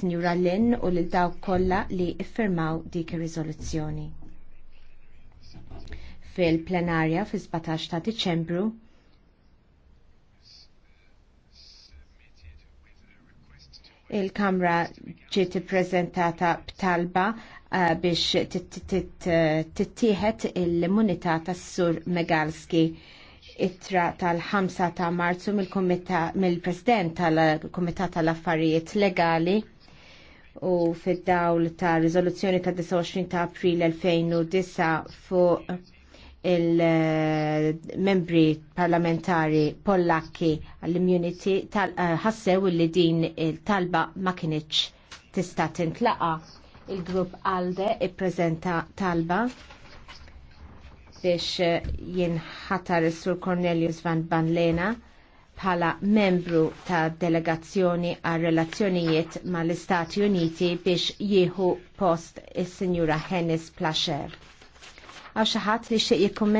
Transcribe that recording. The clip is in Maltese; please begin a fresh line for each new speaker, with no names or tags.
Signora Lynn u lil dawk kollha li iffirmaw dik ir-riżoluzzjoni. Fil-plenarja fi 17 ta' Diċembru il-Kamra ġiet ippreżentata b'talba uh, biex tittieħed il-immunità tas-Sur Megalski ittra tal-5 ta' Marzu mill-President tal-Kumitat tal-Affarijiet Legali u fid-dawl ta' rizoluzzjoni ta' 29 ta' april 2009 fuq il-membri parlamentari pollakki għall-immunity tal-ħassew eh, li din il-talba ma kienieċ tista' tintlaqa. Il-grupp ALDE ippreżenta talba biex eh, jinħatar is-Sur Cornelius van Banlena bħala membru ta' delegazzjoni għal relazzjonijiet mal-Istati Uniti biex jieħu post is-Sinjura Hennis Plasher.
Għaw xaħat li xie